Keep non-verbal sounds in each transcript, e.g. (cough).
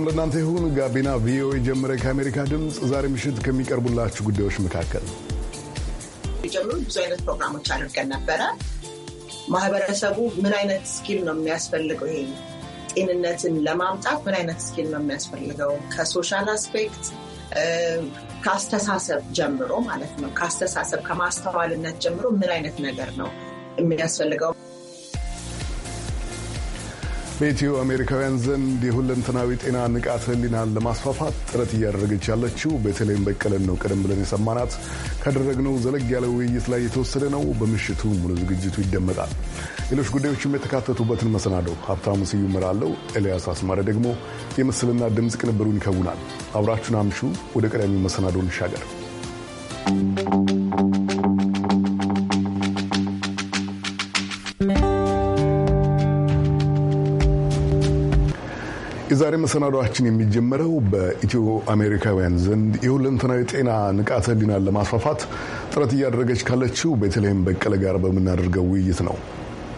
ሰላም ለእናንተ ይሁን። ጋቢና ቪኦኤ ጀመረ። ከአሜሪካ ድምፅ ዛሬ ምሽት ከሚቀርቡላችሁ ጉዳዮች መካከል ጀምሮ ብዙ አይነት ፕሮግራሞች አድርገን ነበረ። ማህበረሰቡ ምን አይነት ስኪል ነው የሚያስፈልገው? ይሄ ጤንነትን ለማምጣት ምን አይነት ስኪል ነው የሚያስፈልገው? ከሶሻል አስፔክት ከአስተሳሰብ ጀምሮ ማለት ነው። ከአስተሳሰብ ከማስተዋልነት ጀምሮ ምን አይነት ነገር ነው የሚያስፈልገው? በኢትዮ አሜሪካውያን ዘንድ የሁለንተናዊ ጤና ንቃተ ህሊናን ለማስፋፋት ጥረት እያደረገች ያለችው በተለይም በቀለን ነው። ቀደም ብለን የሰማናት ካደረግነው ዘለግ ያለ ውይይት ላይ የተወሰደ ነው። በምሽቱ ሙሉ ዝግጅቱ ይደመጣል። ሌሎች ጉዳዮችም የተካተቱበትን መሰናደው ሀብታሙ ስዩም አለው ኤልያስ አስማረ ደግሞ የምስልና ድምፅ ቅንብሩን ይከውናል። አብራችሁን አምሹ። ወደ ቀዳሚው መሰናዶ እንሻገር። የዛሬ መሰናዷችን የሚጀመረው በኢትዮ አሜሪካውያን ዘንድ የሁለንተናዊ ጤና ንቃተ ህሊናን ለማስፋፋት ጥረት እያደረገች ካለችው ቤተልሔም በቀለ ጋር በምናደርገው ውይይት ነው።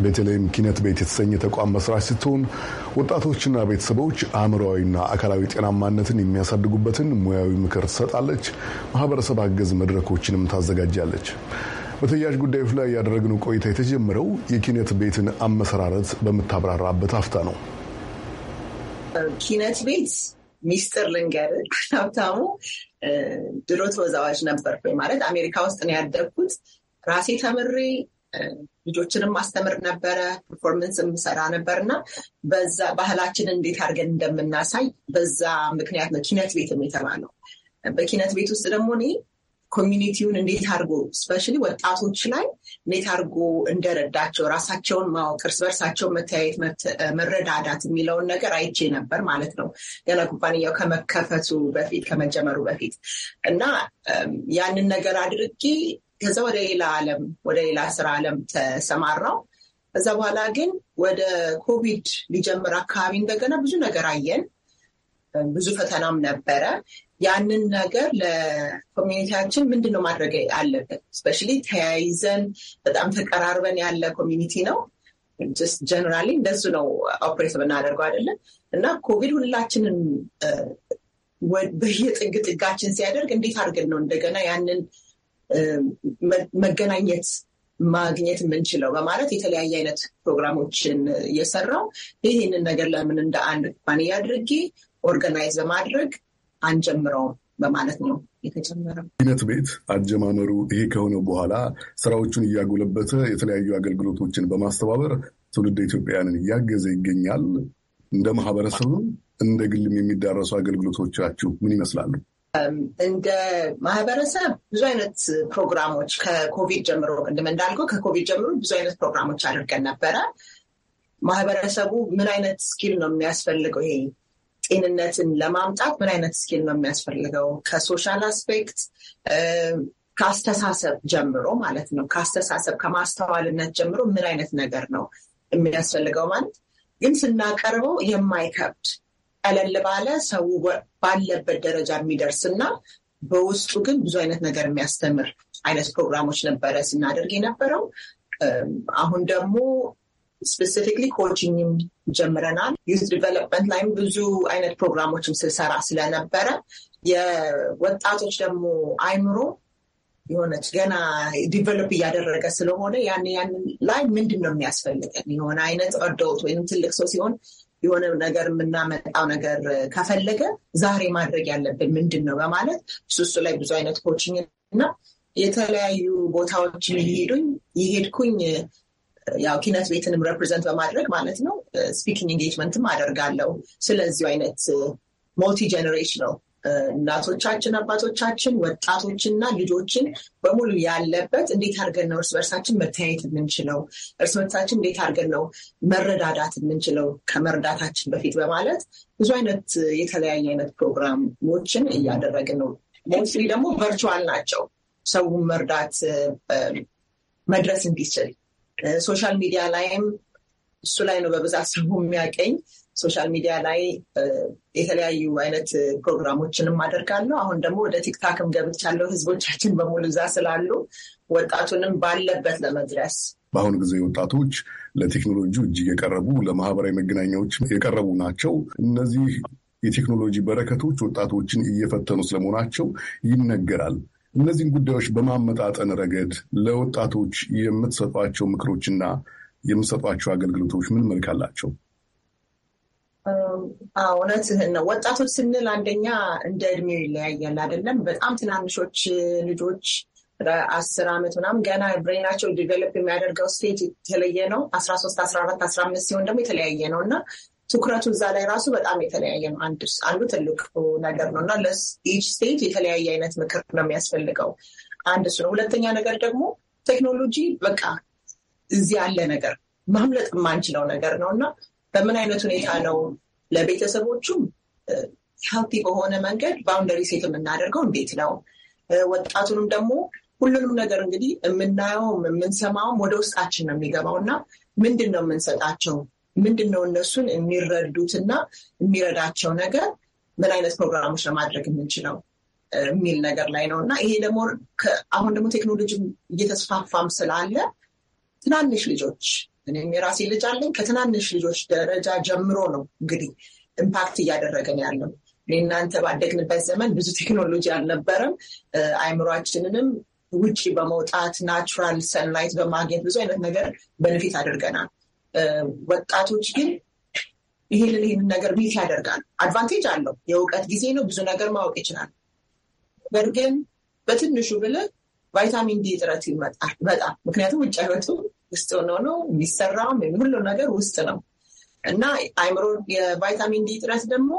ቤተልሔም ኪነት ቤት የተሰኘ ተቋም መስራች ስትሆን ወጣቶችና ቤተሰቦች አእምሮዊና አካላዊ ጤናማነትን የሚያሳድጉበትን ሙያዊ ምክር ትሰጣለች። ማህበረሰብ አገዝ መድረኮችንም ታዘጋጃለች። በተያያዥ ጉዳዮች ላይ ያደረግነው ቆይታ የተጀመረው የኪነት ቤትን አመሰራረት በምታብራራበት አፍታ ነው። ኪነት ቤት ሚስጥር ልንገር (laughs) ሀብታሙ ድሮ ተወዛዋዥ ነበርኩኝ። ማለት አሜሪካ ውስጥ ነው ያደግኩት። ራሴ ተምሬ ልጆችንም ማስተምር ነበረ፣ ፐርፎርመንስ የምሰራ ነበር እና በዛ ባህላችንን እንዴት አድርገን እንደምናሳይ በዛ ምክንያት ነው ኪነት ቤት የተባለው። በኪነት ቤት ውስጥ ደግሞ እኔ ኮሚኒቲውን እንዴት አድርጎ ስፔሻሊ ወጣቶች ላይ እንዴት አድርጎ እንደረዳቸው ራሳቸውን ማወቅ፣ እርስ በርሳቸው መተያየት፣ መረዳዳት የሚለውን ነገር አይቼ ነበር ማለት ነው ገና ኩባንያው ከመከፈቱ በፊት ከመጀመሩ በፊት እና ያንን ነገር አድርጌ ከዛ ወደ ሌላ ዓለም ወደ ሌላ ስራ ዓለም ተሰማራው። ከዛ በኋላ ግን ወደ ኮቪድ ሊጀምር አካባቢ እንደገና ብዙ ነገር አየን። ብዙ ፈተናም ነበረ። ያንን ነገር ለኮሚኒቲያችን ምንድን ነው ማድረግ አለብን? እስፔሻሊ ተያይዘን በጣም ተቀራርበን ያለ ኮሚኒቲ ነው። ጀነራሊ እንደሱ ነው ኦፕሬት ብናደርገው አይደለም እና ኮቪድ ሁላችንን በየጥግ ጥጋችን ሲያደርግ እንዴት አድርገን ነው እንደገና ያንን መገናኘት ማግኘት የምንችለው በማለት የተለያየ አይነት ፕሮግራሞችን እየሰራው ይህንን ነገር ለምን እንደ አንድ ኩባንያ አድርጌ ኦርጋናይዝ በማድረግ አንጀምረውም በማለት ነው የተጀመረው ሂደት ቤት አጀማመሩ ይሄ ከሆነ በኋላ ስራዎቹን እያጎለበተ የተለያዩ አገልግሎቶችን በማስተባበር ትውልድ ኢትዮጵያውያንን እያገዘ ይገኛል። እንደ ማህበረሰብም እንደ ግልም የሚዳረሱ አገልግሎቶቻችሁ ምን ይመስላሉ? እንደ ማህበረሰብ ብዙ አይነት ፕሮግራሞች ከኮቪድ ጀምሮ ቅድም እንዳልከው ከኮቪድ ጀምሮ ብዙ አይነት ፕሮግራሞች አድርገን ነበረ። ማህበረሰቡ ምን አይነት ስኪል ነው የሚያስፈልገው ይሄ ጤንነትን ለማምጣት ምን አይነት ስኪል ነው የሚያስፈልገው? ከሶሻል አስፔክት ከአስተሳሰብ ጀምሮ ማለት ነው። ከአስተሳሰብ ከማስተዋልነት ጀምሮ ምን አይነት ነገር ነው የሚያስፈልገው? ማለት ግን ስናቀርበው የማይከብድ ቀለል ባለ ሰው ባለበት ደረጃ የሚደርስ እና በውስጡ ግን ብዙ አይነት ነገር የሚያስተምር አይነት ፕሮግራሞች ነበረ ስናደርግ የነበረው። አሁን ደግሞ ስፔሲፊክሊ ኮችኝም ጀምረናል። ዩዝ ዲቨሎፕመንት ላይም ብዙ አይነት ፕሮግራሞችን ስሰራ ስለነበረ የወጣቶች ደግሞ አይምሮ የሆነች ገና ዲቨሎፕ እያደረገ ስለሆነ ያን ያን ላይ ምንድን ነው የሚያስፈልገን የሆነ አይነት አዶልት ወይም ትልቅ ሰው ሲሆን የሆነ ነገር የምናመጣው ነገር ከፈለገ ዛሬ ማድረግ ያለብን ምንድን ነው በማለት እሱ እሱ ላይ ብዙ አይነት ኮችኝ እና የተለያዩ ቦታዎችን እየሄዱኝ የሄድኩኝ ያው ኪነት ቤትንም ሬፕሬዘንት በማድረግ ማለት ነው ስፒኪንግ ኤንጌጅመንትም አደርጋለሁ። ስለዚሁ አይነት ሞልቲ uh, ጀኔሬሽናል uh, እናቶቻችን፣ አባቶቻችን፣ ወጣቶችና ልጆችን በሙሉ ያለበት እንዴት አድርገን ነው እርስ በርሳችን መተያየት የምንችለው፣ እርስ በርሳችን እንዴት አድርገን ነው መረዳዳት የምንችለው ከመርዳታችን በፊት በማለት ብዙ አይነት uh, የተለያየ አይነት ፕሮግራሞችን እያደረግን ነው። ሞስሊ ደግሞ ቨርቹዋል ናቸው ሰው መርዳት መድረስ እንዲችል ሶሻል ሚዲያ ላይም እሱ ላይ ነው በብዛት ሰው የሚያገኝ። ሶሻል ሚዲያ ላይ የተለያዩ አይነት ፕሮግራሞችንም አደርጋለሁ። አሁን ደግሞ ወደ ቲክታክም ገብቻለሁ። ህዝቦቻችን በሙሉ እዛ ስላሉ ወጣቱንም ባለበት ለመድረስ በአሁኑ ጊዜ ወጣቶች ለቴክኖሎጂ እጅግ የቀረቡ ለማህበራዊ መገናኛዎች የቀረቡ ናቸው። እነዚህ የቴክኖሎጂ በረከቶች ወጣቶችን እየፈተኑ ስለመሆናቸው ይነገራል። እነዚህን ጉዳዮች በማመጣጠን ረገድ ለወጣቶች የምትሰጧቸው ምክሮችና የምትሰጧቸው አገልግሎቶች ምን መልክ አላቸው? እውነትህን ነው። ወጣቶች ስንል አንደኛ እንደ እድሜው ይለያያል አይደለም። በጣም ትናንሾች ልጆች አስር ዓመት ምናምን ገና ብሬናቸው ዲቨሎፕ የሚያደርገው ስቴጅ የተለየ ነው። አስራ ሶስት አስራ አራት አስራ አምስት ሲሆን ደግሞ የተለያየ ነው እና ትኩረቱ እዛ ላይ ራሱ በጣም የተለያየ ነው። አንዱ ትልቅ ነገር ነው እና ለኢች ስቴት የተለያየ አይነት ምክር ነው የሚያስፈልገው። አንድ እሱ ነው። ሁለተኛ ነገር ደግሞ ቴክኖሎጂ በቃ እዚህ ያለ ነገር ማምለጥ የማንችለው ነገር ነው እና በምን አይነት ሁኔታ ነው ለቤተሰቦቹም ሄልቲ በሆነ መንገድ ባውንደሪ ሴት የምናደርገው እንዴት ነው? ወጣቱንም ደግሞ ሁሉንም ነገር እንግዲህ የምናየውም የምንሰማውም ወደ ውስጣችን ነው የሚገባው እና ምንድን ነው የምንሰጣቸው ምንድን ነው እነሱን የሚረዱትና የሚረዳቸው ነገር ምን አይነት ፕሮግራሞች ለማድረግ የምንችለው የሚል ነገር ላይ ነው እና ይሄ ደግሞ አሁን ደግሞ ቴክኖሎጂ እየተስፋፋም ስላለ ትናንሽ ልጆች እኔም የራሴ ልጅ አለኝ። ከትናንሽ ልጆች ደረጃ ጀምሮ ነው እንግዲህ ኢምፓክት እያደረገን ያለው። እናንተ ባደግንበት ዘመን ብዙ ቴክኖሎጂ አልነበረም። አይምሯችንንም ውጭ በመውጣት ናቹራል ሰንላይት በማግኘት ብዙ አይነት ነገር በንፊት አድርገናል። ወጣቶች ግን ይሄንን ይህንን ነገር ቤት ያደርጋል። አድቫንቴጅ አለው። የእውቀት ጊዜ ነው። ብዙ ነገር ማወቅ ይችላል። ነገር ግን በትንሹ ብለህ ቫይታሚን ዲ እጥረት ይመጣል በጣም ምክንያቱም ውጭ ውስጥ ሆኖ ነው የሚሰራው ሁሉ ነገር ውስጥ ነው እና አይምሮ የቫይታሚን ዲ እጥረት ደግሞ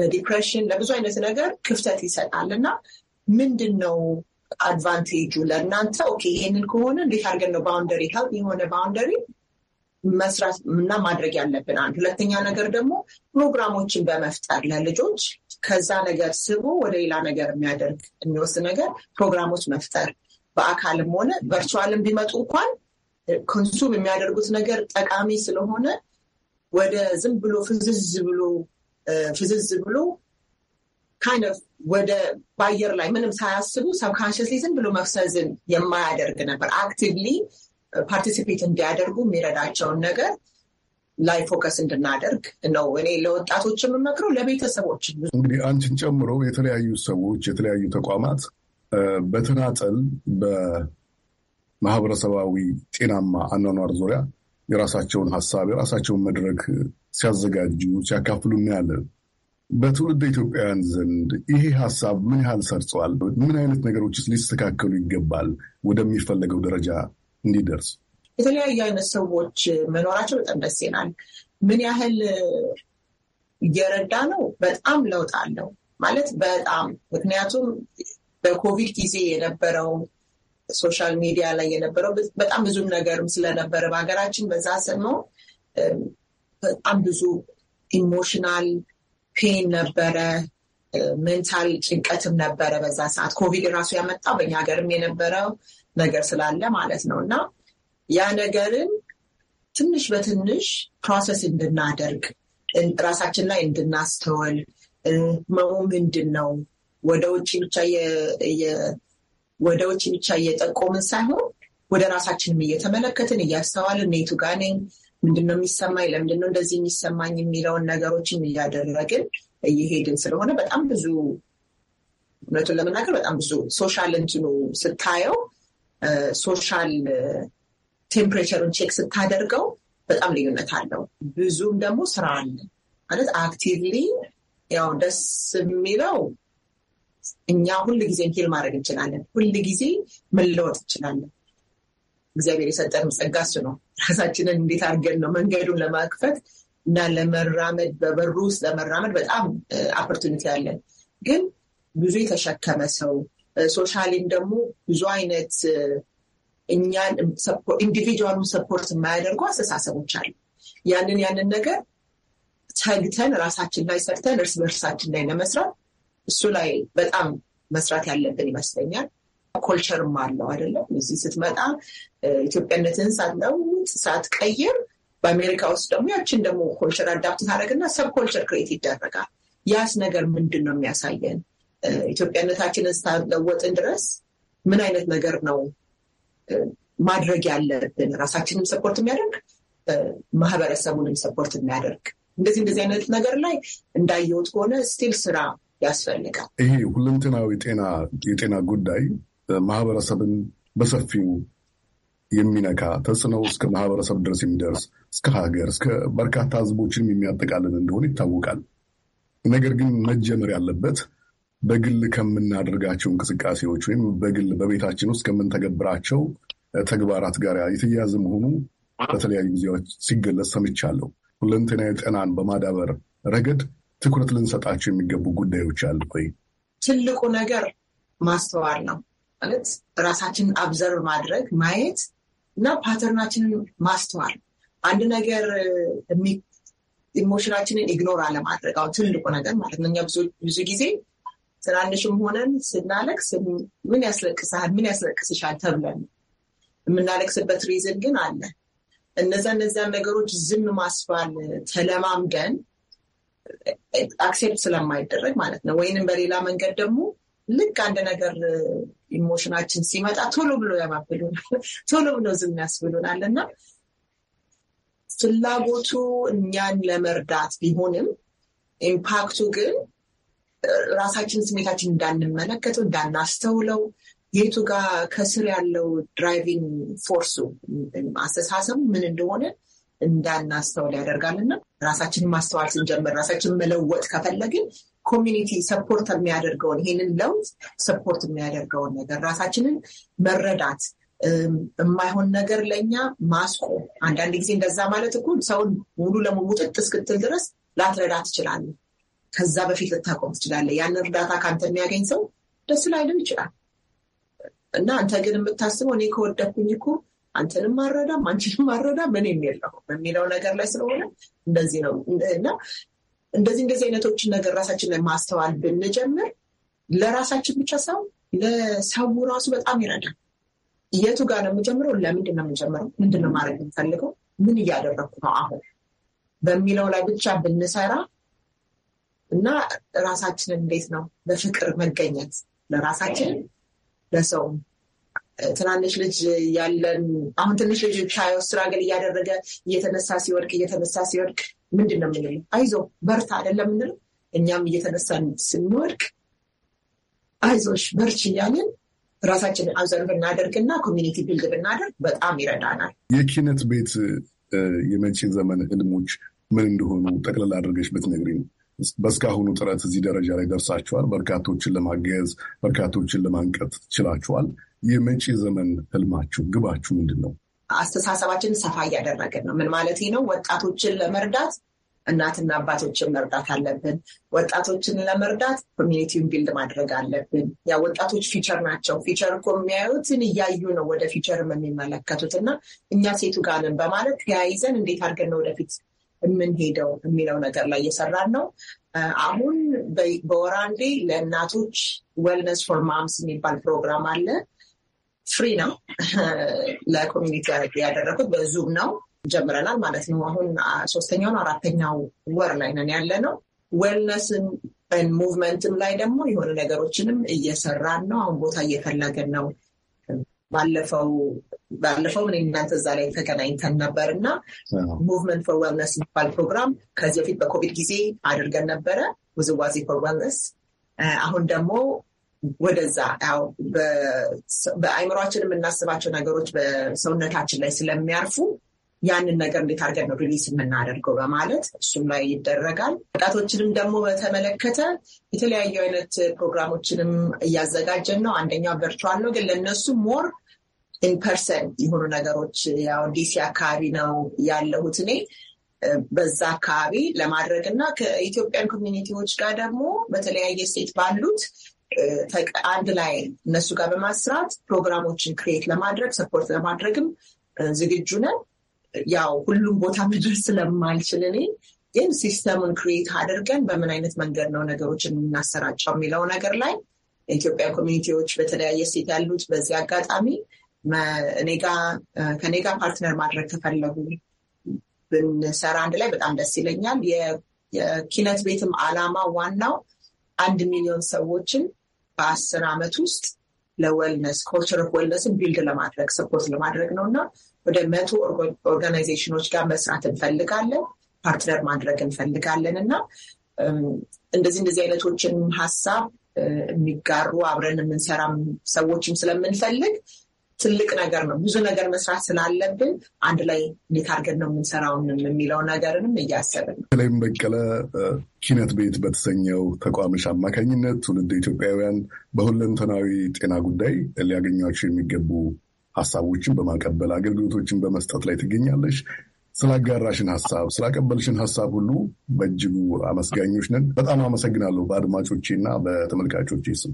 ለዲፕሬሽን ለብዙ አይነት ነገር ክፍተት ይሰጣል እና ምንድን ነው አድቫንቴጁ ለእናንተ? ኦኬ ይሄንን ከሆነ እንዴት አድርገን ነው ባውንደሪ ሄልዝ የሆነ ባውንደሪ መስራት እና ማድረግ ያለብን አንድ። ሁለተኛ ነገር ደግሞ ፕሮግራሞችን በመፍጠር ለልጆች ከዛ ነገር ስቦ ወደ ሌላ ነገር የሚያደርግ የሚወስድ ነገር ፕሮግራሞች መፍጠር በአካልም ሆነ ቨርቹዋልም ቢመጡ እንኳን ኮንሱም የሚያደርጉት ነገር ጠቃሚ ስለሆነ ወደ ዝም ብሎ ፍዝዝ ብሎ ፍዝዝ ብሎ ካይንድ ኦፍ ወደ በአየር ላይ ምንም ሳያስቡ ሰብካንሽስሊ ዝም ብሎ መፍሰዝን የማያደርግ ነበር። አክቲቭሊ ፓርቲሲፔት እንዲያደርጉ የሚረዳቸውን ነገር ላይ ፎከስ እንድናደርግ ነው። እኔ ለወጣቶች የምመክረው ለቤተሰቦች እንግዲህ አንቺን ጨምሮ የተለያዩ ሰዎች የተለያዩ ተቋማት በተናጠል በማህበረሰባዊ ጤናማ አኗኗር ዙሪያ የራሳቸውን ሀሳብ የራሳቸውን መድረክ ሲያዘጋጁ ሲያካፍሉ እናያለን። በትውልድ ኢትዮጵያውያን ዘንድ ይሄ ሀሳብ ምን ያህል ሰርጸዋል? ምን አይነት ነገሮችስ ሊስተካከሉ ይገባል ወደሚፈለገው ደረጃ እንዲደርስ የተለያዩ አይነት ሰዎች መኖራቸው በጣም ደስ ይላል። ምን ያህል እየረዳ ነው? በጣም ለውጥ አለው ማለት በጣም ምክንያቱም በኮቪድ ጊዜ የነበረው ሶሻል ሚዲያ ላይ የነበረው በጣም ብዙም ነገርም ስለነበረ በሀገራችን በዛ ስኖ በጣም ብዙ ኢሞሽናል ፔን ነበረ፣ ሜንታል ጭንቀትም ነበረ በዛ ሰዓት ኮቪድ ራሱ ያመጣው በእኛ ሀገርም የነበረው ነገር ስላለ ማለት ነው እና ያ ነገርን ትንሽ በትንሽ ፕሮሰስ እንድናደርግ ራሳችን ላይ እንድናስተውል መሙ ምንድን ነው ወደ ውጭ ብቻ ወደ ውጭ ብቻ እየጠቆምን ሳይሆን ወደ ራሳችንም እየተመለከትን እያስተዋልን ኔቱ ጋር ነኝ፣ ምንድነው የሚሰማኝ፣ ለምንድነው እንደዚህ የሚሰማኝ የሚለውን ነገሮችን እያደረግን እየሄድን ስለሆነ በጣም ብዙ እውነቱን ለመናገር በጣም ብዙ ሶሻል እንትኑ ስታየው ሶሻል ቴምፕሬቸሩን ቼክ ስታደርገው በጣም ልዩነት አለው። ብዙም ደግሞ ስራ አለ ማለት አክቲቭሊ ያው ደስ የሚለው እኛ ሁል ጊዜ ሂል ማድረግ እንችላለን። ሁል ጊዜ መለወጥ እንችላለን። እግዚአብሔር የሰጠንም ጸጋ እሱ ነው። ራሳችንን እንዴት አድርገን ነው መንገዱን ለማክፈት እና ለመራመድ በበሩ ውስጥ ለመራመድ በጣም አፖርቱኒቲ አለን። ግን ብዙ የተሸከመ ሰው ሶሻሊም ደግሞ ብዙ አይነት እኛን ኢንዲቪጁዋሉን ሰፖርት የማያደርጉ አስተሳሰቦች አሉ። ያንን ያንን ነገር ተግተን ራሳችን ላይ ሰርተን እርስ በእርሳችን ላይ ለመስራት እሱ ላይ በጣም መስራት ያለብን ይመስለኛል። ኮልቸርም አለው አይደለም። እዚህ ስትመጣ ኢትዮጵያነትን ሳትለውጥ ሳትቀይር፣ በአሜሪካ ውስጥ ደግሞ ያችን ደግሞ ኮልቸር አዳፕት ታደረግና ሰብኮልቸር ክሬት ይደረጋል። ያስ ነገር ምንድን ነው የሚያሳየን ኢትዮጵያነታችንን እስካለወጥን ድረስ ምን አይነት ነገር ነው ማድረግ ያለብን? ራሳችንም ሰፖርት የሚያደርግ ማህበረሰቡንም ሰፖርት የሚያደርግ እንደዚህ እንደዚህ አይነት ነገር ላይ እንዳየሁት ከሆነ ስቲል ስራ ያስፈልጋል። ይሄ ሁለንተናዊ የጤና ጉዳይ ማህበረሰብን በሰፊው የሚነካ ተጽዕኖ እስከ ማህበረሰብ ድረስ የሚደርስ እስከ ሀገር እስከ በርካታ ህዝቦችንም የሚያጠቃልል እንደሆነ ይታወቃል። ነገር ግን መጀመር ያለበት በግል ከምናደርጋቸው እንቅስቃሴዎች ወይም በግል በቤታችን ውስጥ ከምንተገብራቸው ተግባራት ጋር የተያያዘ መሆኑ በተለያዩ ጊዜዎች ሲገለጽ ሰምቻለሁ። ሁለንተናዊ ጤናን በማዳበር ረገድ ትኩረት ልንሰጣቸው የሚገቡ ጉዳዮች አሉ ወይ? ትልቁ ነገር ማስተዋል ነው ማለት ራሳችንን አብዘርቭ ማድረግ ማየት እና ፓተርናችንን ማስተዋል አንድ ነገር ኢሞሽናችንን ኢግኖር አለማድረግ አሁን ትልቁ ነገር ማለት ነው። እኛ ብዙ ጊዜ ትናንሽም ሆነን ስናለቅስ ምን ያስለቅስሃል፣ ምን ያስለቅስሻል ተብለን የምናለቅስበት ሪዝን ግን አለ። እነዛ እነዚያን ነገሮች ዝም ማስባል ተለማምደን አክሴፕት ስለማይደረግ ማለት ነው። ወይንም በሌላ መንገድ ደግሞ ልክ አንድ ነገር ኢሞሽናችን ሲመጣ ቶሎ ብሎ ያባብሉናል፣ ቶሎ ብሎ ዝም ያስብሉናል እና ፍላጎቱ እኛን ለመርዳት ቢሆንም ኢምፓክቱ ግን ራሳችን ስሜታችን እንዳንመለከተው እንዳናስተውለው የቱ ጋር ከስር ያለው ድራይቪንግ ፎርሱ አስተሳሰቡ ምን እንደሆነ እንዳናስተውል ያደርጋልና ራሳችንን ማስተዋል ስንጀምር ራሳችን መለወጥ ከፈለግን ኮሚኒቲ ሰፖርት የሚያደርገውን ይሄንን ለውጥ ሰፖርት የሚያደርገውን ነገር ራሳችንን መረዳት የማይሆን ነገር ለእኛ ማስቆ አንዳንድ ጊዜ እንደዛ ማለት እኮ ሰውን ሙሉ ለሙሉ ጥጥ እስክትል ድረስ ላትረዳ ትችላለህ። ከዛ በፊት ልታቆም ትችላለህ። ያንን እርዳታ ከአንተ የሚያገኝ ሰው ደስ ላይልም ይችላል እና አንተ ግን የምታስበው እኔ ከወደኩኝ እኮ አንተንም ማረዳም አንቺንም ማረዳም እኔም የለሁም በሚለው ነገር ላይ ስለሆነ እንደዚህ ነው እና እንደዚህ እንደዚህ አይነቶችን ነገር ራሳችን ላይ ማስተዋል ብንጀምር ለራሳችን ብቻ ሰው ለሰው ራሱ በጣም ይረዳል። የቱ ጋር ነው የምጀምረው? ለምንድን ነው የምጀምረው? ምንድን ነው ማድረግ የምፈልገው? ምን እያደረግኩ ነው አሁን በሚለው ላይ ብቻ ብንሰራ እና ራሳችንን እንዴት ነው በፍቅር መገኘት ለራሳችን ለሰውም ትናንሽ ልጅ ያለን አሁን ትንሽ ልጅ ሻይ እያደረገ እየተነሳ ሲወድቅ እየተነሳ ሲወድቅ ምንድን ነው የምንለው? አይዞ በርታ አይደለም የምንለው። እኛም እየተነሳን ስንወድቅ አይዞሽ በርች እያለን ራሳችንን አብዘር ብናደርግና ኮሚኒቲ ቢልድ ብናደርግ በጣም ይረዳናል። የኪነት ቤት የመቼ ዘመን ህልሞች ምን እንደሆኑ ጠቅላላ አድርገሽ ብትነግሪኝ ነው። በእስካሁኑ ጥረት እዚህ ደረጃ ላይ ደርሳችኋል። በርካቶችን ለማገዝ በርካቶችን ለማንቀጥ ችላችኋል። የመጪ ዘመን ህልማችሁ ግባችሁ ምንድን ነው? አስተሳሰባችን ሰፋ እያደረግን ነው። ምን ማለት ነው? ወጣቶችን ለመርዳት እናትና አባቶችን መርዳት አለብን። ወጣቶችን ለመርዳት ኮሚኒቲውን ቢልድ ማድረግ አለብን። ያ ወጣቶች ፊቸር ናቸው። ፊቸር እኮ የሚያዩትን እያዩ ነው ወደ ፊቸርም የሚመለከቱት እና እኛ ሴቱ ጋር ነን በማለት ተያይዘን እንዴት አድርገን ነው ወደፊት የምንሄደው የሚለው ነገር ላይ እየሰራን ነው። አሁን በወራንዴ ለእናቶች ዌልነስ ፎር ማምስ የሚባል ፕሮግራም አለ። ፍሪ ነው። ለኮሚኒቲ ያደረኩት በዙም ነው ጀምረናል ማለት ነው። አሁን ሶስተኛውን አራተኛው ወር ላይ ነን ያለ ነው። ዌልነስን ሙቭመንትም ላይ ደግሞ የሆነ ነገሮችንም እየሰራን ነው። አሁን ቦታ እየፈለገን ነው። ባለፈው ባለፈው ምን እናንተ እዛ ላይ ተገናኝተን ነበር እና ሙቭመንት ፎር ዌልነስ የሚባል ፕሮግራም ከዚህ በፊት በኮቪድ ጊዜ አድርገን ነበረ፣ ውዝዋዜ ፎር ዌልነስ። አሁን ደግሞ ወደዛ ያው በአይምሯችን የምናስባቸው ነገሮች በሰውነታችን ላይ ስለሚያርፉ ያንን ነገር እንዴት አድርገን ነው ሪሊስ የምናደርገው በማለት እሱም ላይ ይደረጋል። ወጣቶችንም ደግሞ በተመለከተ የተለያዩ አይነት ፕሮግራሞችንም እያዘጋጀን ነው። አንደኛው ቨርቹዋል ነው፣ ግን ለእነሱ ሞር ኢንፐርሰን የሆኑ ነገሮች ያው ዲሲ አካባቢ ነው ያለሁት እኔ በዛ አካባቢ ለማድረግ እና ከኢትዮጵያን ኮሚኒቲዎች ጋር ደግሞ በተለያየ ስቴት ባሉት አንድ ላይ እነሱ ጋር በማስራት ፕሮግራሞችን ክሬት ለማድረግ ሰፖርት ለማድረግም ዝግጁ ነን። ያው ሁሉም ቦታ መድረስ ስለማልችል እኔ ግን ሲስተሙን ክሬት አድርገን በምን አይነት መንገድ ነው ነገሮችን የምናሰራጨው የሚለው ነገር ላይ ኢትዮጵያ ኮሚኒቲዎች በተለያየ ስቴት ያሉት በዚህ አጋጣሚ እኔ ጋር ከኔ ጋር ፓርትነር ማድረግ ከፈለጉ ብንሰራ አንድ ላይ በጣም ደስ ይለኛል። የኪነት ቤትም አላማ ዋናው አንድ ሚሊዮን ሰዎችን በአስር ዓመት ውስጥ ለወልነስ ኮልቸር ኦፍ ወልነስን ቢልድ ለማድረግ ሰፖርት ለማድረግ ነው እና ወደ መቶ ኦርጋናይዜሽኖች ጋር መስራት እንፈልጋለን፣ ፓርትነር ማድረግ እንፈልጋለን እና እንደዚህ እንደዚህ አይነቶችን ሀሳብ የሚጋሩ አብረን የምንሰራም ሰዎችም ስለምንፈልግ ትልቅ ነገር ነው። ብዙ ነገር መስራት ስላለብን አንድ ላይ እንዴት አድርገን ነው የምንሰራውን የሚለው ነገርንም እያሰብን ነው። በተለይም በቀለ ኪነት ቤት በተሰኘው ተቋምሽ አማካኝነት ትውልድ ኢትዮጵያውያን በሁለንተናዊ ጤና ጉዳይ ሊያገኟቸው የሚገቡ ሀሳቦችን በማቀበል አገልግሎቶችን በመስጠት ላይ ትገኛለሽ። ስላጋራሽን ሀሳብ ስላቀበልሽን ሀሳብ ሁሉ በእጅጉ አመስጋኞች ነን። በጣም አመሰግናለሁ። በአድማጮቼ እና በተመልካቾቼ ስም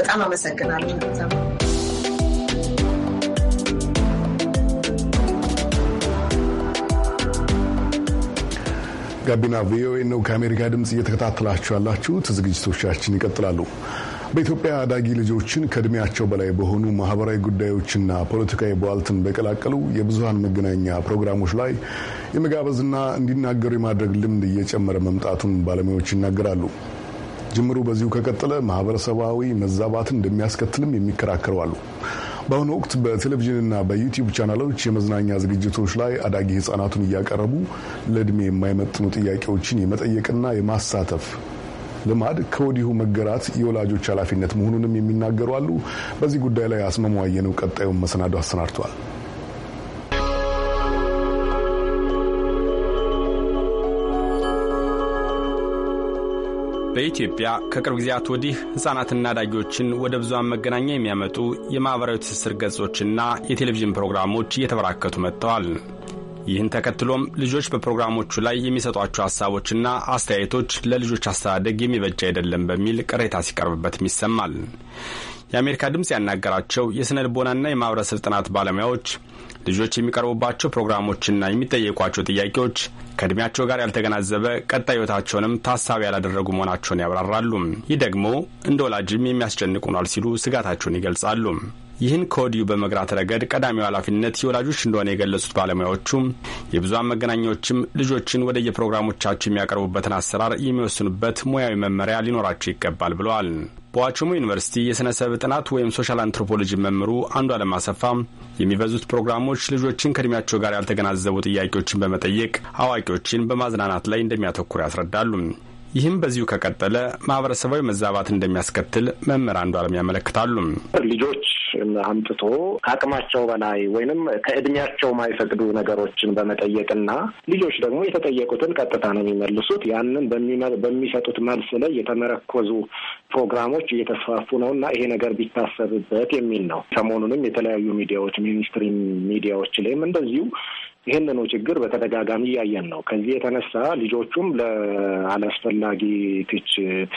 በጣም አመሰግናለሁ። ጋቢና ቪኦኤ ነው ከአሜሪካ ድምፅ እየተከታተላችሁ ያላችሁት። ዝግጅቶቻችን ይቀጥላሉ። በኢትዮጵያ አዳጊ ልጆችን ከእድሜያቸው በላይ በሆኑ ማህበራዊ ጉዳዮችና ፖለቲካዊ በዋልትን በቀላቀሉ የብዙሀን መገናኛ ፕሮግራሞች ላይ የመጋበዝና እንዲናገሩ የማድረግ ልምድ እየጨመረ መምጣቱን ባለሙያዎች ይናገራሉ። ጅምሩ በዚሁ ከቀጠለ ማህበረሰባዊ መዛባትን እንደሚያስከትልም የሚከራከሩ አሉ። በአሁኑ ወቅት በቴሌቪዥንና በዩቲዩብ ቻናሎች የመዝናኛ ዝግጅቶች ላይ አዳጊ ህጻናቱን እያቀረቡ ለእድሜ የማይመጥኑ ጥያቄዎችን የመጠየቅና የማሳተፍ ልማድ ከወዲሁ መገራት የወላጆች ኃላፊነት መሆኑንም የሚናገሩ አሉ። በዚህ ጉዳይ ላይ አስመሟየነው ቀጣዩን መሰናዶ አሰናድቷል። በኢትዮጵያ ከቅርብ ጊዜያት ወዲህ ሕፃናትና አዳጊዎችን ወደ ብዙሃን መገናኛ የሚያመጡ የማኅበራዊ ትስስር ገጾችና የቴሌቪዥን ፕሮግራሞች እየተበራከቱ መጥተዋል። ይህን ተከትሎም ልጆች በፕሮግራሞቹ ላይ የሚሰጧቸው ሀሳቦችና አስተያየቶች ለልጆች አስተዳደግ የሚበጅ አይደለም በሚል ቅሬታ ሲቀርብበትም ይሰማል። የአሜሪካ ድምፅ ያናገራቸው የስነ ልቦናና የማህበረሰብ ጥናት ባለሙያዎች ልጆች የሚቀርቡባቸው ፕሮግራሞችና የሚጠየቋቸው ጥያቄዎች ከእድሜያቸው ጋር ያልተገናዘበ ቀጣይ ህይወታቸውንም ታሳቢ ያላደረጉ መሆናቸውን ያብራራሉ። ይህ ደግሞ እንደ ወላጅም የሚያስጨንቅ ሆኗል ሲሉ ስጋታቸውን ይገልጻሉ። ይህን ከወዲሁ በመግራት ረገድ ቀዳሚው ኃላፊነት የወላጆች እንደሆነ የገለጹት ባለሙያዎቹ የብዙሃን መገናኛዎችም ልጆችን ወደ የፕሮግራሞቻቸው የሚያቀርቡበትን አሰራር የሚወስኑበት ሙያዊ መመሪያ ሊኖራቸው ይገባል ብለዋል። በዋቸሞ ዩኒቨርሲቲ የሥነ ሰብ ጥናት ወይም ሶሻል አንትሮፖሎጂ መምሩ አንዱ ዓለም አሰፋ የሚበዙት ፕሮግራሞች ልጆችን ከእድሜያቸው ጋር ያልተገናዘቡ ጥያቄዎችን በመጠየቅ አዋቂዎችን በማዝናናት ላይ እንደሚያተኩር ያስረዳሉ። ይህም በዚሁ ከቀጠለ ማህበረሰባዊ መዛባት እንደሚያስከትል መምህር አንዱ አለም ያመለክታሉ። ልጆች አምጥቶ ከአቅማቸው በላይ ወይንም ከእድሜያቸው ማይፈቅዱ ነገሮችን በመጠየቅና ልጆች ደግሞ የተጠየቁትን ቀጥታ ነው የሚመልሱት። ያንን በሚሰጡት መልስ ላይ የተመረኮዙ ፕሮግራሞች እየተስፋፉ ነው እና ይሄ ነገር ቢታሰብበት የሚል ነው። ሰሞኑንም የተለያዩ ሚዲያዎች ሚኒስትሪ ሚዲያዎች ላይም እንደዚሁ ይህንኑ ችግር በተደጋጋሚ እያየን ነው። ከዚህ የተነሳ ልጆቹም ለአላስፈላጊ ትችት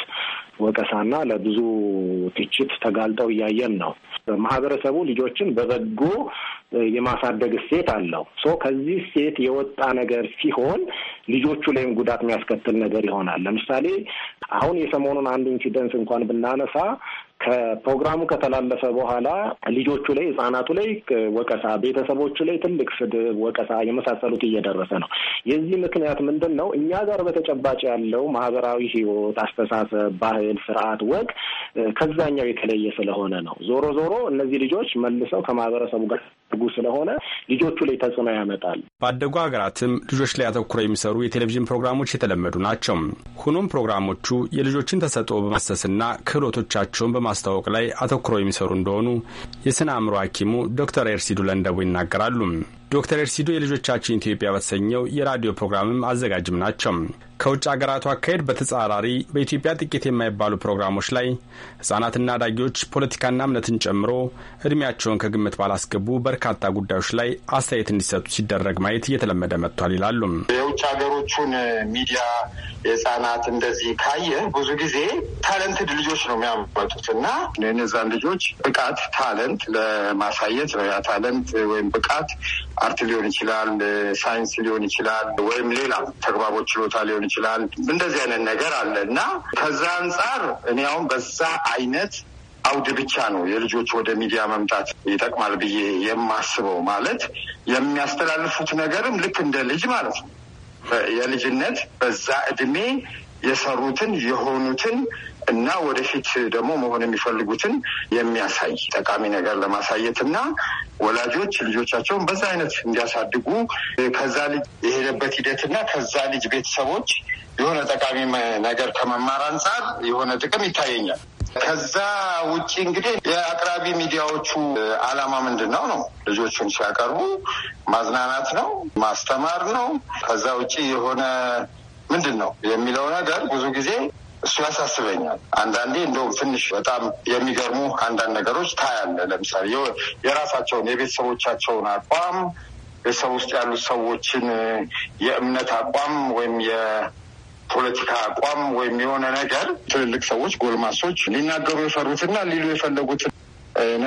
ወቀሳና ለብዙ ትችት ተጋልጠው እያየን ነው። ማህበረሰቡ ልጆችን በበጎ የማሳደግ እሴት አለው። ሶ ከዚህ እሴት የወጣ ነገር ሲሆን ልጆቹ ላይም ጉዳት የሚያስከትል ነገር ይሆናል። ለምሳሌ አሁን የሰሞኑን አንድ ኢንሲደንስ እንኳን ብናነሳ ከፕሮግራሙ ከተላለፈ በኋላ ልጆቹ ላይ ህጻናቱ ላይ ወቀሳ፣ ቤተሰቦቹ ላይ ትልቅ ስድብ፣ ወቀሳ የመሳሰሉት እየደረሰ ነው። የዚህ ምክንያት ምንድን ነው? እኛ ጋር በተጨባጭ ያለው ማህበራዊ ህይወት፣ አስተሳሰብ፣ ባህል፣ ስርዓት፣ ወግ ከዛኛው የተለየ ስለሆነ ነው። ዞሮ ዞሮ እነዚህ ልጆች መልሰው ከማህበረሰቡ ጋር ጉ ስለሆነ ልጆቹ ላይ ተጽዕኖ ያመጣል። ባደጉ ሀገራትም ልጆች ላይ አተኩረው የሚሰሩ የቴሌቪዥን ፕሮግራሞች የተለመዱ ናቸው። ሆኖም ፕሮግራሞቹ የልጆችን ተሰጥኦ በማሰስና ክህሎቶቻቸውን በማ በማስታወቅ ላይ አተኩረው የሚሰሩ እንደሆኑ የስነ አእምሮ ሐኪሙ ዶክተር ኤርሲዱ ለንደቡ ይናገራሉ። ዶክተር ኤርሲዶ የልጆቻችን ኢትዮጵያ በተሰኘው የራዲዮ ፕሮግራምም አዘጋጅም ናቸው። ከውጭ አገራቱ አካሄድ በተጻራሪ በኢትዮጵያ ጥቂት የማይባሉ ፕሮግራሞች ላይ ሕጻናትና አዳጊዎች ፖለቲካና እምነትን ጨምሮ እድሜያቸውን ከግምት ባላስገቡ በርካታ ጉዳዮች ላይ አስተያየት እንዲሰጡ ሲደረግ ማየት እየተለመደ መጥቷል ይላሉ። የውጭ ሀገሮቹን ሚዲያ የሕጻናት እንደዚህ ካየ ብዙ ጊዜ ታለንትድ ልጆች ነው የሚያመጡት እና እነዛን ልጆች ብቃት ታለንት ለማሳየት ነው ያ ታለንት ወይም ብቃት አርት ሊሆን ይችላል፣ ሳይንስ ሊሆን ይችላል፣ ወይም ሌላ ተግባቦት ችሎታ ሊሆን ይችላል። እንደዚህ አይነት ነገር አለ እና ከዛ አንጻር እኔ አሁን በዛ አይነት አውድ ብቻ ነው የልጆች ወደ ሚዲያ መምጣት ይጠቅማል ብዬ የማስበው። ማለት የሚያስተላልፉት ነገርም ልክ እንደ ልጅ ማለት ነው። የልጅነት በዛ እድሜ የሰሩትን የሆኑትን እና ወደፊት ደግሞ መሆን የሚፈልጉትን የሚያሳይ ጠቃሚ ነገር ለማሳየት እና ወላጆች ልጆቻቸውን በዛ አይነት እንዲያሳድጉ ከዛ ልጅ የሄደበት ሂደት እና ከዛ ልጅ ቤተሰቦች የሆነ ጠቃሚ ነገር ከመማር አንጻር የሆነ ጥቅም ይታየኛል። ከዛ ውጭ እንግዲህ የአቅራቢ ሚዲያዎቹ ዓላማ ምንድን ነው ነው? ልጆቹን ሲያቀርቡ ማዝናናት ነው፣ ማስተማር ነው። ከዛ ውጭ የሆነ ምንድን ነው የሚለው ነገር ብዙ ጊዜ እሱ ያሳስበኛል። አንዳንዴ እንደውም ትንሽ በጣም የሚገርሙ አንዳንድ ነገሮች ታያለ። ለምሳሌ የራሳቸውን የቤተሰቦቻቸውን አቋም ቤተሰብ ውስጥ ያሉት ሰዎችን የእምነት አቋም ወይም ፖለቲካ አቋም ወይም የሆነ ነገር ትልልቅ ሰዎች ጎልማሶች ሊናገሩ የፈሩትና ሊሉ የፈለጉት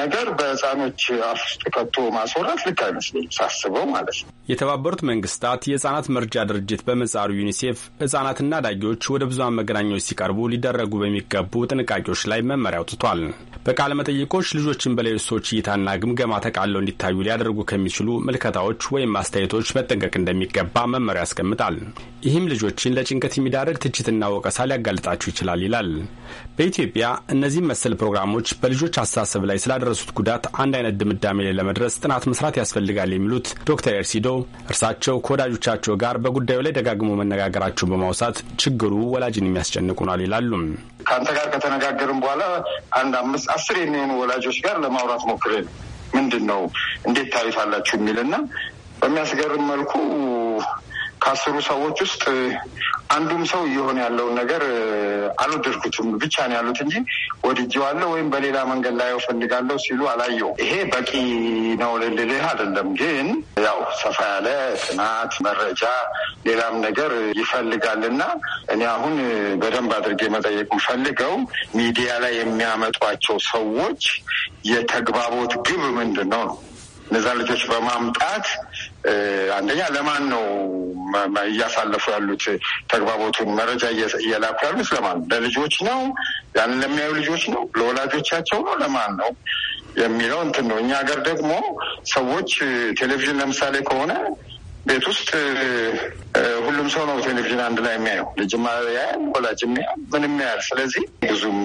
ነገር በህፃኖች አፍ ውስጥ ከቶ ማስወራት ልክ አይመስለኝ ሳስበው ማለት ነው። የተባበሩት መንግስታት የህጻናት መርጃ ድርጅት በመጻሩ ዩኒሴፍ ህጻናትና አዳጊዎች ወደ ብዙሀን መገናኛዎች ሲቀርቡ ሊደረጉ በሚገቡ ጥንቃቄዎች ላይ መመሪያ አውጥቷል። በቃለ መጠይቆች ልጆችን በሌሎች ሰዎች እይታና ግምገማ ተቃለው እንዲታዩ ሊያደርጉ ከሚችሉ ምልከታዎች ወይም አስተያየቶች መጠንቀቅ እንደሚገባ መመሪያ ያስቀምጣል። ይህም ልጆችን ለጭንቀት የሚዳርግ ትችትና ወቀሳ ሊያጋልጣቸው ይችላል ይላል። በኢትዮጵያ እነዚህ መሰል ፕሮግራሞች በልጆች አስተሳሰብ ላይ ስላደረሱት ጉዳት አንድ አይነት ድምዳሜ ላይ ለመድረስ ጥናት መስራት ያስፈልጋል የሚሉት ዶክተር ኤርሲዶ እርሳቸው ከወዳጆቻቸው ጋር በጉዳዩ ላይ ደጋግሞ መነጋገራቸውን በማውሳት ችግሩ ወላጅን የሚያስጨንቁናል ይላሉ። ከአንተ ጋር ከተነጋገርም በኋላ አንድ አምስት አስር የሚሆኑ ወላጆች ጋር ለማውራት ሞክሬ ምንድን ነው እንዴት ታሪፋላችሁ የሚልና በሚያስገርም መልኩ ከአስሩ ሰዎች ውስጥ አንዱም ሰው እየሆነ ያለውን ነገር አልወደድኩትም ብቻ ነው ያሉት እንጂ ወድጀዋለሁ ወይም በሌላ መንገድ ላይ ፈልጋለሁ ሲሉ አላየው ይሄ በቂ ነው ልልህ አይደለም፣ ግን ያው ሰፋ ያለ ጥናት መረጃ፣ ሌላም ነገር ይፈልጋልና እኔ አሁን በደንብ አድርጌ መጠየቅ ፈልገው ሚዲያ ላይ የሚያመጧቸው ሰዎች የተግባቦት ግብ ምንድን ነው ነው እነዛ ልጆች በማምጣት አንደኛ ለማን ነው እያሳለፉ ያሉት ተግባቦቱን መረጃ እየላኩ ያሉት ለማን ነው? ለልጆች ነው? ያንን ለሚያዩ ልጆች ነው? ለወላጆቻቸው ነው? ለማን ነው የሚለው እንትን ነው። እኛ ሀገር ደግሞ ሰዎች ቴሌቪዥን ለምሳሌ ከሆነ ቤት ውስጥ ሁሉም ሰው ነው ቴሌቪዥን አንድ ላይ የሚያየው። ልጅማ ያያል፣ ወላጅም ያያል፣ ምንም ያያል። ስለዚህ ብዙም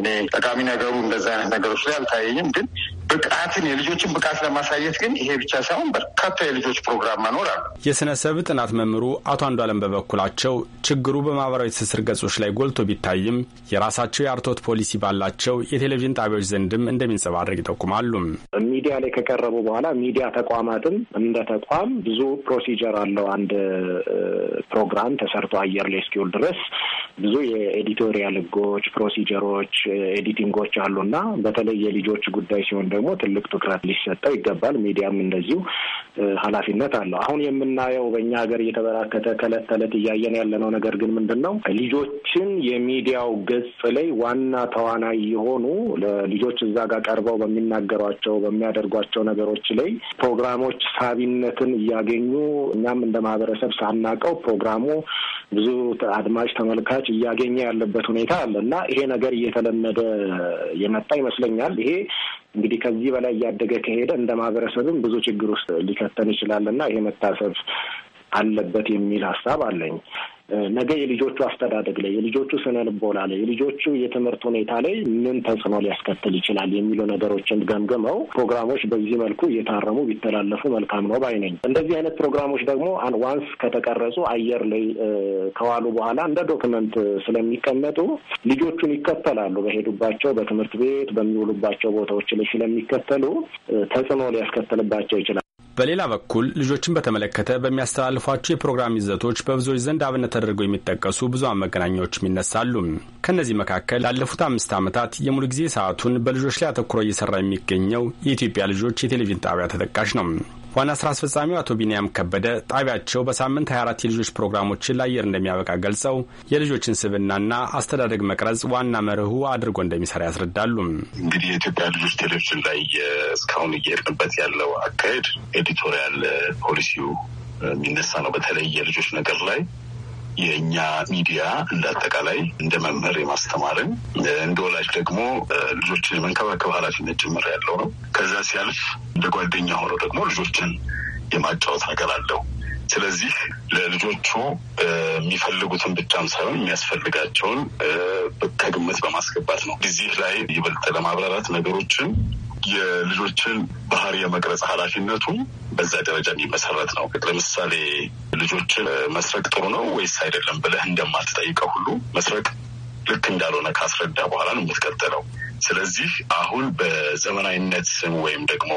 እኔ ጠቃሚ ነገሩ እንደዚ አይነት ነገሮች ላይ አልታየኝም። ግን ብቃትን የልጆችን ብቃት ለማሳየት ግን ይሄ ብቻ ሳይሆን በርካታ የልጆች ፕሮግራም መኖር አሉ። የስነሰብ ጥናት መምህሩ አቶ አንዱ አለም በበኩላቸው ችግሩ በማህበራዊ ትስስር ገጾች ላይ ጎልቶ ቢታይም የራሳቸው የአርቶት ፖሊሲ ባላቸው የቴሌቪዥን ጣቢያዎች ዘንድም እንደሚንጸባረቅ ይጠቁማሉ። ሚዲያ ላይ ከቀረቡ በኋላ ሚዲያ ተቋማትም እንደ ተቋም ብዙ ፕሮሲጀር አለው። አንድ ፕሮግራም ተሰርቶ አየር ላይ እስኪውል ድረስ ብዙ የኤዲቶሪያል ህጎች፣ ፕሮሲጀሮች፣ ኤዲቲንጎች አሉና በተለይ የልጆች ጉዳይ ሲሆን ደግሞ ትልቅ ትኩረት ሊሰጠው ይገባል። ሚዲያም እንደዚሁ ኃላፊነት አለው። አሁን የምናየው በእኛ ሀገር እየተበራከተ ከእለት ተእለት እያየን ያለነው ነገር ግን ምንድን ነው ልጆችን የሚዲያው ገጽ ላይ ዋና ተዋናይ የሆኑ ልጆች እዛ ጋር ቀርበው በሚናገሯቸው በሚያደርጓቸው ነገሮች ላይ ፕሮግራሞች ሳቢነትን እያገኙ እኛም እንደ ማህበረሰብ ሳናቀው ፕሮግራሙ ብዙ አድማጭ ተመልካች እያገኘ ያለበት ሁኔታ አለ እና ይሄ ነገር እየተለመደ የመጣ ይመስለኛል። ይሄ እንግዲህ ከዚህ በላይ እያደገ ከሄደ እንደ ማህበረሰብም ብዙ ችግር ውስጥ ሊከተን ይችላል እና ይሄ መታሰብ አለበት የሚል ሀሳብ አለኝ። ነገ የልጆቹ አስተዳደግ ላይ፣ የልጆቹ ስነ ልቦና ላይ፣ የልጆቹ የትምህርት ሁኔታ ላይ ምን ተጽዕኖ ሊያስከትል ይችላል የሚሉ ነገሮችን ገምግመው ፕሮግራሞች በዚህ መልኩ እየታረሙ ቢተላለፉ መልካም ነው ባይ ነኝ። እንደዚህ አይነት ፕሮግራሞች ደግሞ ዋንስ ከተቀረጹ አየር ላይ ከዋሉ በኋላ እንደ ዶክመንት ስለሚቀመጡ ልጆቹን ይከተላሉ። በሄዱባቸው በትምህርት ቤት በሚውሉባቸው ቦታዎች ላይ ስለሚከተሉ ተጽዕኖ ሊያስከትልባቸው ይችላል። በሌላ በኩል ልጆችን በተመለከተ በሚያስተላልፏቸው የፕሮግራም ይዘቶች በብዙዎች ዘንድ አብነት ተደርገው የሚጠቀሱ ብዙሃን መገናኛዎችም ይነሳሉ። ከእነዚህ መካከል ላለፉት አምስት ዓመታት የሙሉ ጊዜ ሰዓቱን በልጆች ላይ አተኩሮ እየሰራ የሚገኘው የኢትዮጵያ ልጆች የቴሌቪዥን ጣቢያ ተጠቃሽ ነው። ዋና ስራ አስፈጻሚው አቶ ቢንያም ከበደ ጣቢያቸው በሳምንት 24 የልጆች ፕሮግራሞችን ለአየር እንደሚያበቃ ገልጸው የልጆችን ስብናና አስተዳደግ መቅረጽ ዋና መርሁ አድርጎ እንደሚሰራ ያስረዳሉ። እንግዲህ የኢትዮጵያ ልጆች ቴሌቪዥን ላይ እስካሁን እየሄድንበት ያለው አካሄድ ኤዲቶሪያል ፖሊሲው የሚነሳ ነው። በተለይ የልጆች ነገር ላይ የእኛ ሚዲያ እንደ አጠቃላይ እንደ መምህር የማስተማርን እንደ ወላጅ ደግሞ ልጆችን መንከባከብ ኃላፊነት ጭምር ያለው ነው። ከዛ ሲያልፍ እንደ ጓደኛ ሆኖ ደግሞ ልጆችን የማጫወት ነገር አለው። ስለዚህ ለልጆቹ የሚፈልጉትን ብቻም ሳይሆን የሚያስፈልጋቸውን ከግምት በማስገባት ነው። እዚህ ላይ ይበልጥ ለማብራራት ነገሮችን የልጆችን ባህሪ የመቅረጽ ኃላፊነቱ በዛ ደረጃ የሚመሰረት ነው። ለምሳሌ ልጆችን መስረቅ ጥሩ ነው ወይስ አይደለም ብለህ እንደማትጠይቀው ሁሉ መስረቅ ልክ እንዳልሆነ ካስረዳ በኋላ ነው የምትቀጥለው። ስለዚህ አሁን በዘመናዊነት ወይም ደግሞ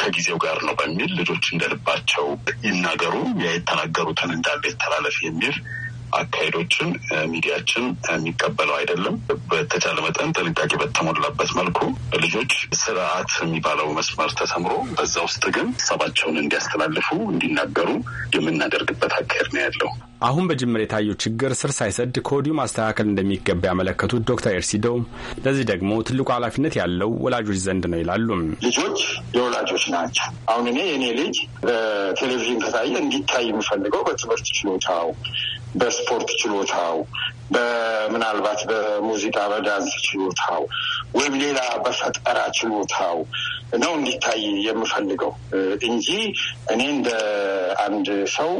ከጊዜው ጋር ነው በሚል ልጆች እንደልባቸው ይናገሩ፣ የተናገሩትን እንዳለ ይተላለፍ የሚል አካሄዶችን ሚዲያችን የሚቀበለው አይደለም። በተቻለ መጠን ጥንቃቄ በተሞላበት መልኩ ልጆች ስርዓት የሚባለው መስመር ተሰምሮ በዛ ውስጥ ግን ሀሳባቸውን እንዲያስተላልፉ እንዲናገሩ የምናደርግበት አካሄድ ነው ያለው። አሁን በጅምር የታየው ችግር ስር ሳይሰድ ከወዲሁ ማስተካከል እንደሚገባ ያመለከቱት ዶክተር ኤርሲዶ ለዚህ ደግሞ ትልቁ ኃላፊነት ያለው ወላጆች ዘንድ ነው ይላሉ። ልጆች የወላጆች ናቸው። አሁን እኔ የእኔ ልጅ በቴሌቪዥን ከታየ እንዲታይ የሚፈልገው በትምህርት ችሎታው በስፖርት ችሎታው፣ በምናልባት በሙዚቃ በዳንስ ችሎታው ወይም ሌላ በፈጠራ ችሎታው ነው እንዲታይ የምፈልገው እንጂ እኔ እንደ አንድ ሰው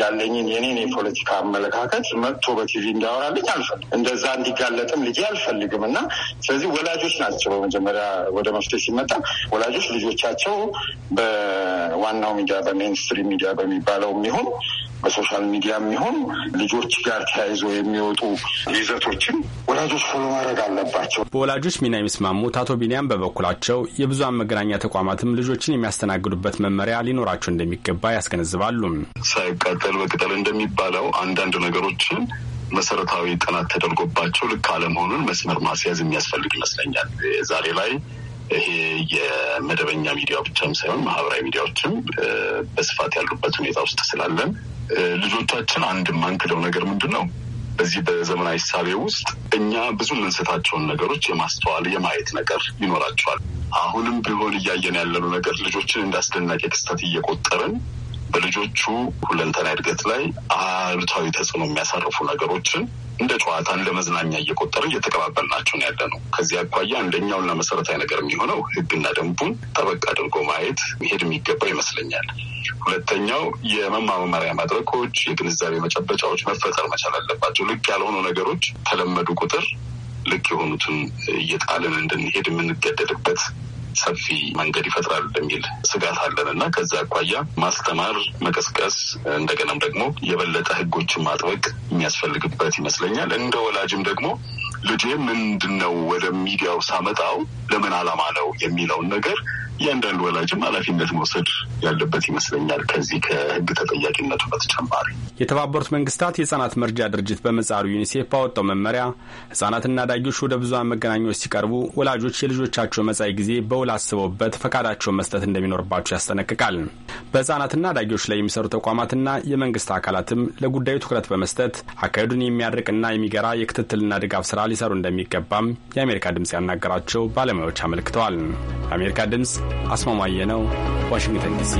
ያለኝን የኔን የፖለቲካ አመለካከት መጥቶ በቲቪ እንዲያወራልኝ አልፈልግም። እንደዛ እንዲጋለጥም ልጅ አልፈልግም እና ስለዚህ ወላጆች ናቸው በመጀመሪያ ወደ መፍትሄ ሲመጣ ወላጆች ልጆቻቸው በዋናው ሚዲያ በሜንስትሪም ሚዲያ በሚባለው የሚሆን በሶሻል ሚዲያ የሚሆን ልጆች ጋር ተያይዞ የሚወጡ ይዘቶችን ወላጆች ፎሎ ማድረግ አለባቸው። በወላጆች ሚና የሚስማሙት አቶ ቢኒያም በበኩላቸው የብዙሃን መገናኛ ተቋማትም ልጆችን የሚያስተናግዱበት መመሪያ ሊኖራቸው እንደሚገባ ያስገነዝባሉ። ሳይቃጠል በቅጠል እንደሚባለው አንዳንድ ነገሮችን መሰረታዊ ጥናት ተደርጎባቸው ልክ አለመሆኑን መስመር ማስያዝ የሚያስፈልግ ይመስለኛል ዛሬ ላይ ይሄ የመደበኛ ሚዲያ ብቻም ሳይሆን ማህበራዊ ሚዲያዎችም በስፋት ያሉበት ሁኔታ ውስጥ ስላለን ልጆቻችን አንድ የማንክደው ነገር ምንድን ነው? በዚህ በዘመናዊ ሳቤ ውስጥ እኛ ብዙ የምንስታቸውን ነገሮች የማስተዋል የማየት ነገር ይኖራቸዋል። አሁንም ቢሆን እያየን ያለነው ነገር ልጆችን እንዳስደናቂ ክስተት እየቆጠርን በልጆቹ ሁለንተና እድገት ላይ አሉታዊ ተጽዕኖ የሚያሳርፉ ነገሮችን እንደ ጨዋታ እንደ መዝናኛ እየቆጠረ እየተቀባበልናቸው ያለ ነው። ከዚህ አኳያ አንደኛውና መሰረታዊ ነገር የሚሆነው ህግና ደንቡን ጠበቅ አድርጎ ማየት መሄድ የሚገባው ይመስለኛል። ሁለተኛው የመማመሪያ መድረኮች፣ የግንዛቤ መጨበጫዎች መፈጠር መቻል አለባቸው። ልክ ያልሆኑ ነገሮች ተለመዱ ቁጥር ልክ የሆኑትን እየጣልን እንድንሄድ የምንገደድበት ሰፊ መንገድ ይፈጥራል የሚል ስጋት አለን እና ከዛ አኳያ ማስተማር፣ መቀስቀስ እንደገናም ደግሞ የበለጠ ህጎችን ማጥበቅ የሚያስፈልግበት ይመስለኛል። እንደ ወላጅም ደግሞ ልጄ ምንድን ነው ወደ ሚዲያው ሳመጣው ለምን አላማ ነው የሚለውን ነገር እያንዳንዱ ወላጅም ኃላፊነት መውሰድ ያለበት ይመስለኛል። ከዚህ ከህግ ተጠያቂነቱ በተጨማሪ የተባበሩት መንግስታት የህጻናት መርጃ ድርጅት በመጻሩ ዩኒሴፍ ባወጣው መመሪያ ህጻናትና አዳጊዎች ወደ ብዙሀን መገናኛዎች ሲቀርቡ ወላጆች የልጆቻቸው መጻኢ ጊዜ በውል አስበውበት ፈቃዳቸውን መስጠት እንደሚኖርባቸው ያስጠነቅቃል። በህጻናትና አዳጊዎች ላይ የሚሰሩ ተቋማትና የመንግስት አካላትም ለጉዳዩ ትኩረት በመስጠት አካሄዱን የሚያድርቅና የሚገራ የክትትልና ድጋፍ ስራ ሊሰሩ እንደሚገባም የአሜሪካ ድምጽ ያናገራቸው ባለሙያዎች አመልክተዋል። የአሜሪካ ድምጽ አስማማየ ነው፣ ዋሽንግተን ዲሲ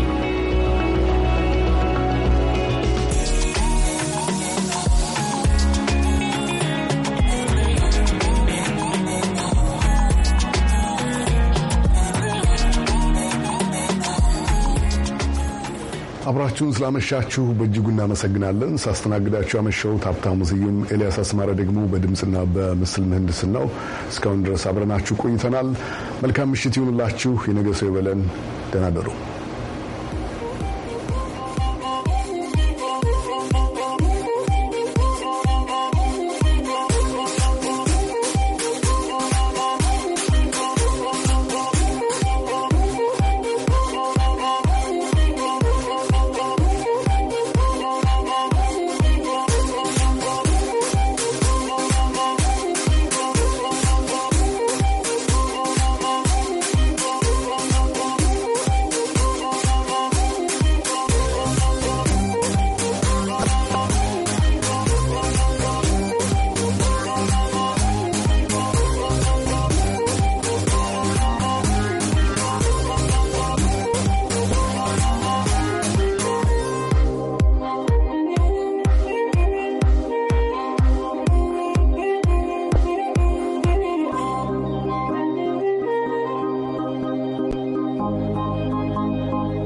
አብራችሁን ስላመሻችሁ በእጅጉ እናመሰግናለን። ሳስተናግዳችሁ ያመሸሁት ሀብታሙ ስዩም፣ ኤልያስ አስማረ ደግሞ በድምፅና በምስል ምህንድስና ነው። እስካሁን ድረስ አብረናችሁ ቆይተናል። መልካም ምሽት ይሁንላችሁ። የነገ ሰው ይበለን። ደህና